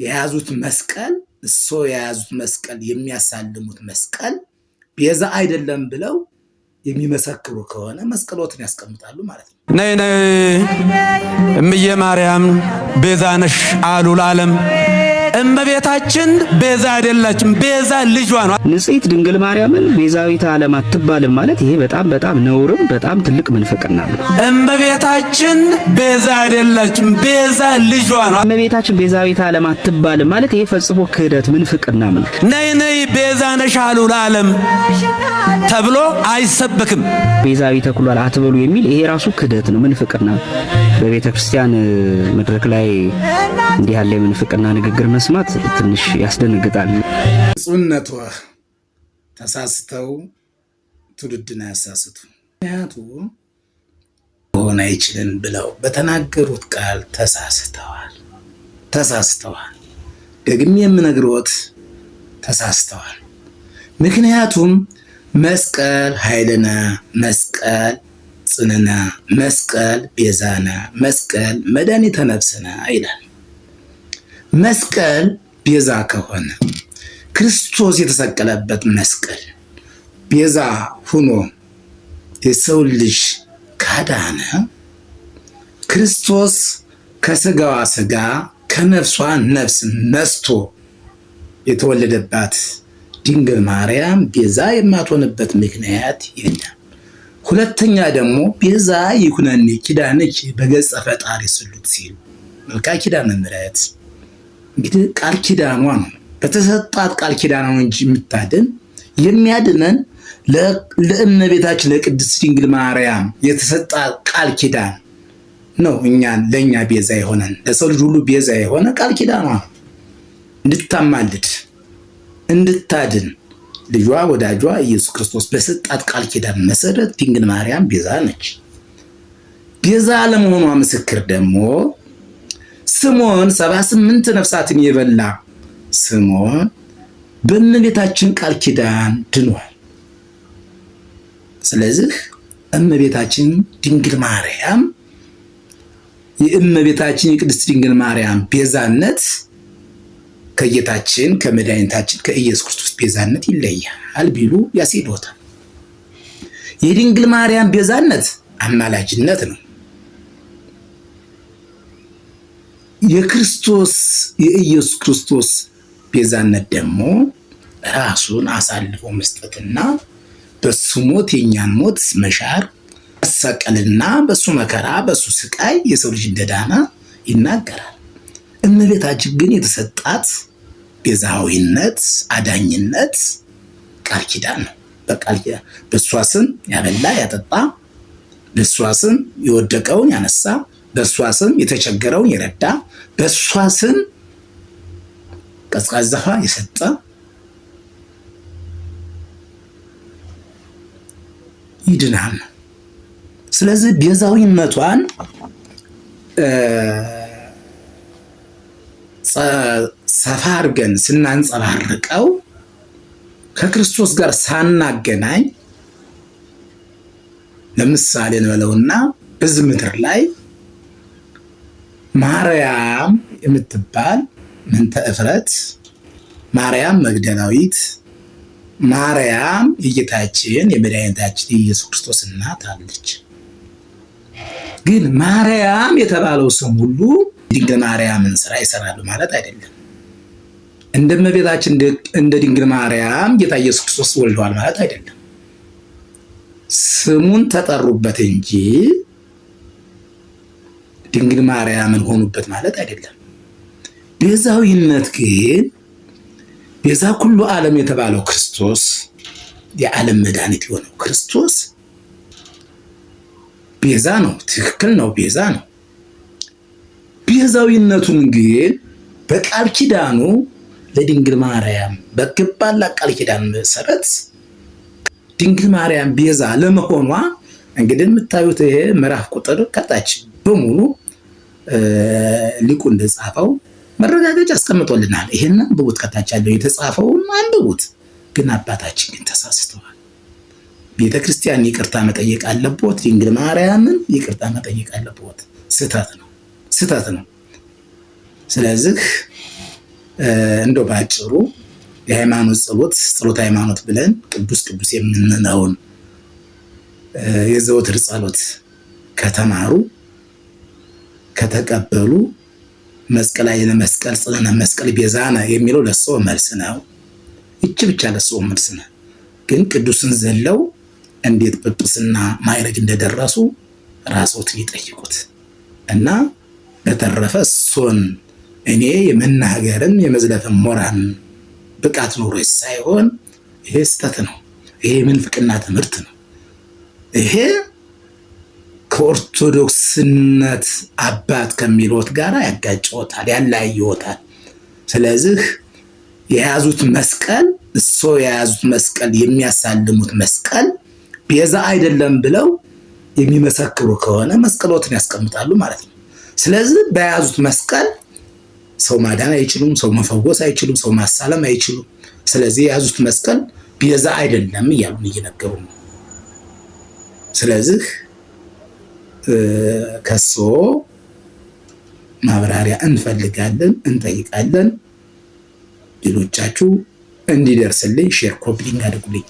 የያዙት መስቀል እሶ የያዙት መስቀል የሚያሳልሙት መስቀል ቤዛ አይደለም ብለው የሚመሰክሩ ከሆነ መስቀሎትን ያስቀምጣሉ ማለት ነው። ነይ ነይ እምዬ ማርያም ቤዛ ነሽ አሉ ለዓለም እመቤታችን ቤዛ አይደላችም፣ ቤዛ ልጇ ነው። ንጽሕት ድንግል ማርያምን ቤዛዊተ ዓለም አትባልም ማለት ይሄ በጣም በጣም ነውርም በጣም ትልቅ ምንፍቅና ነው። እመቤታችን ቤዛ አይደላችም፣ ቤዛ ልጇ ነው። እመቤታችን ቤዛዊተ ዓለም አትባልም ማለት ይሄ ፈጽሞ ክህደት ምንፍቅና ነው። ነይ ነይ ቤዛ ነሻሉ አሉ ለዓለም ተብሎ አይሰበክም። ቤዛዊ ተክሏል አትበሉ የሚል ይሄ ራሱ ክህደት ነው፣ ምንፍቅና በቤተ ክርስቲያን መድረክ ላይ እንዲህ ያለ የምንፍቅና ንግግር መስማት ትንሽ ያስደነግጣል። ብፁዕነቱ ተሳስተው ትውልድን አያሳስቱ፣ ምክንያቱ ሆን አይችልም ብለው በተናገሩት ቃል ተሳስተዋል ተሳስተዋል። ደግሜ የምነግሮት ተሳስተዋል። ምክንያቱም መስቀል ኃይልነ፣ መስቀል ጽንነ፣ መስቀል ቤዛነ፣ መስቀል መድኃኒተ ነፍስነ ይላል። መስቀል ቤዛ ከሆነ ክርስቶስ የተሰቀለበት መስቀል ቤዛ ሁኖ የሰው ልጅ ካዳነ ክርስቶስ ከስጋዋ ስጋ ከነፍሷ ነፍስ ነስቶ የተወለደባት ድንግል ማርያም ቤዛ የማትሆንበት ምክንያት የለም። ሁለተኛ ደግሞ ቤዛ ይኩነኒ ኪዳንኪ በገጸ ፈጣሪ ስሉት ሲል መልካ ኪዳነ ምሕረት እንግዲህ ቃል ኪዳኗ ነው በተሰጣት ቃል ኪዳኗ እንጂ የምታድን የሚያድነን ለእመቤታችን ለቅድስት ድንግል ማርያም የተሰጣ ቃል ኪዳን ነው። እኛን ለእኛ ቤዛ የሆነን ለሰው ልጅ ሁሉ ቤዛ የሆነ ቃል ኪዳኗ ነው። እንድታማልድ እንድታድን ልጇ ወዳጇ ኢየሱስ ክርስቶስ በሰጣት ቃል ኪዳን መሰረት ድንግል ማርያም ቤዛ ነች። ቤዛ ለመሆኗ ምስክር ደግሞ ስምዖን ሰባ ስምንት ነፍሳትን የበላ ስምዖን በእመቤታችን ቃል ኪዳን ድኗል። ስለዚህ እመቤታችን ድንግል ማርያም የእመቤታችን የቅድስት ድንግል ማርያም ቤዛነት ከጌታችን ከመድኃኒታችን ከኢየሱስ ክርስቶስ ቤዛነት ይለያል ቢሉ ያስሄዶታል። የድንግል ማርያም ቤዛነት አማላጅነት ነው። የክርስቶስ የኢየሱስ ክርስቶስ ቤዛነት ደግሞ ራሱን አሳልፎ መስጠትና በሱ ሞት የእኛን ሞት መሻር መሰቀልና በሱ መከራ በሱ ስቃይ የሰው ልጅ እንደዳና ይናገራል። እመቤታችን ግን የተሰጣት ቤዛዊነት፣ አዳኝነት ቃል ኪዳን ነው። በቃል በእሷ ስም ያበላ ያጠጣ፣ በእሷ ስም የወደቀውን ያነሳ በእሷ ስም የተቸገረውን የረዳ በእሷ ስም ቀዝቃዛ ውሃ የሰጠ ይድናል። ስለዚህ ቤዛዊነቷን ሰፋ አድርገን ስናንጸባርቀው ከክርስቶስ ጋር ሳናገናኝ ለምሳሌ እንበለውና በዚህ ምድር ላይ ማርያም የምትባል ምንተ እፍረት ማርያም መግደላዊት ማርያም የጌታችን የመድኃኒታችን የኢየሱስ ክርስቶስ እናት አለች። ግን ማርያም የተባለው ስም ሁሉ ድንግል ማርያምን ስራ ይሰራሉ ማለት አይደለም። እንደ እመቤታችን እንደ ድንግል ማርያም ጌታ ኢየሱስ ክርስቶስ ወልደዋል ማለት አይደለም። ስሙን ተጠሩበት እንጂ ድንግል ማርያምን ሆኑበት ማለት አይደለም። ቤዛዊነት ግን ቤዛ ኩሉ ዓለም የተባለው ክርስቶስ የዓለም መድኃኒት የሆነው ክርስቶስ ቤዛ ነው። ትክክል ነው። ቤዛ ነው። ቤዛዊነቱን ግን በቃል ኪዳኑ ለድንግል ማርያም በገባላ ቃል ኪዳን መሰረት ድንግል ማርያም ቤዛ ለመሆኗ እንግዲህ የምታዩት ይሄ ምዕራፍ ቁጥር ከታች በሙሉ ሊቁ እንደጻፈው መረጋገጫ አስቀምጦልናል። ይሄን አንብቡት፣ ከታች ያለው የተጻፈውን አንብቡት። ግን አባታችን ግን ተሳስተዋል። ቤተ ክርስቲያን ይቅርታ መጠየቅ አለቦት። ድንግል ማርያምን ይቅርታ መጠየቅ አለቦት። ስህተት ነው፣ ስህተት ነው። ስለዚህ እንደው ባጭሩ የሃይማኖት ጸሎት ጸሎት ሃይማኖት ብለን ቅዱስ ቅዱስ የምንለውን የዘወትር ጸሎት ከተማሩ ከተቀበሉ መስቀል አይነ መስቀል ጽነ መስቀል ቤዛነ የሚለው ለሰው መልስ ነው። ይቺ ብቻ ለሰው መልስ ነው። ግን ቅዱስን ዘለው እንዴት ጵጵስና ማዕረግ እንደደረሱ ራስዎትን ይጠይቁት እና በተረፈ እሱን እኔ የመናገርን የመዝለፍን ሞራን ብቃት ኖሮ ሳይሆን ይሄ ስህተት ነው። ይሄ የምንፍቅና ትምህርት ነው ይሄ ከኦርቶዶክስነት አባት ከሚሉት ጋር ያጋጭዎታል፣ ያለያይዎታል። ስለዚህ የያዙት መስቀል እሶ የያዙት መስቀል የሚያሳልሙት መስቀል ቤዛ አይደለም ብለው የሚመሰክሩ ከሆነ መስቀሎትን ያስቀምጣሉ ማለት ነው። ስለዚህ በያዙት መስቀል ሰው ማዳን አይችሉም፣ ሰው መፈወስ አይችሉም፣ ሰው ማሳለም አይችሉም። ስለዚህ የያዙት መስቀል ቤዛ አይደለም እያሉን እየነገሩ ነው። ስለዚህ ከሶ ማብራሪያ እንፈልጋለን፣ እንጠይቃለን። ሌሎቻችሁ እንዲደርስልኝ ሼር ኮፒ አድርጉልኝ።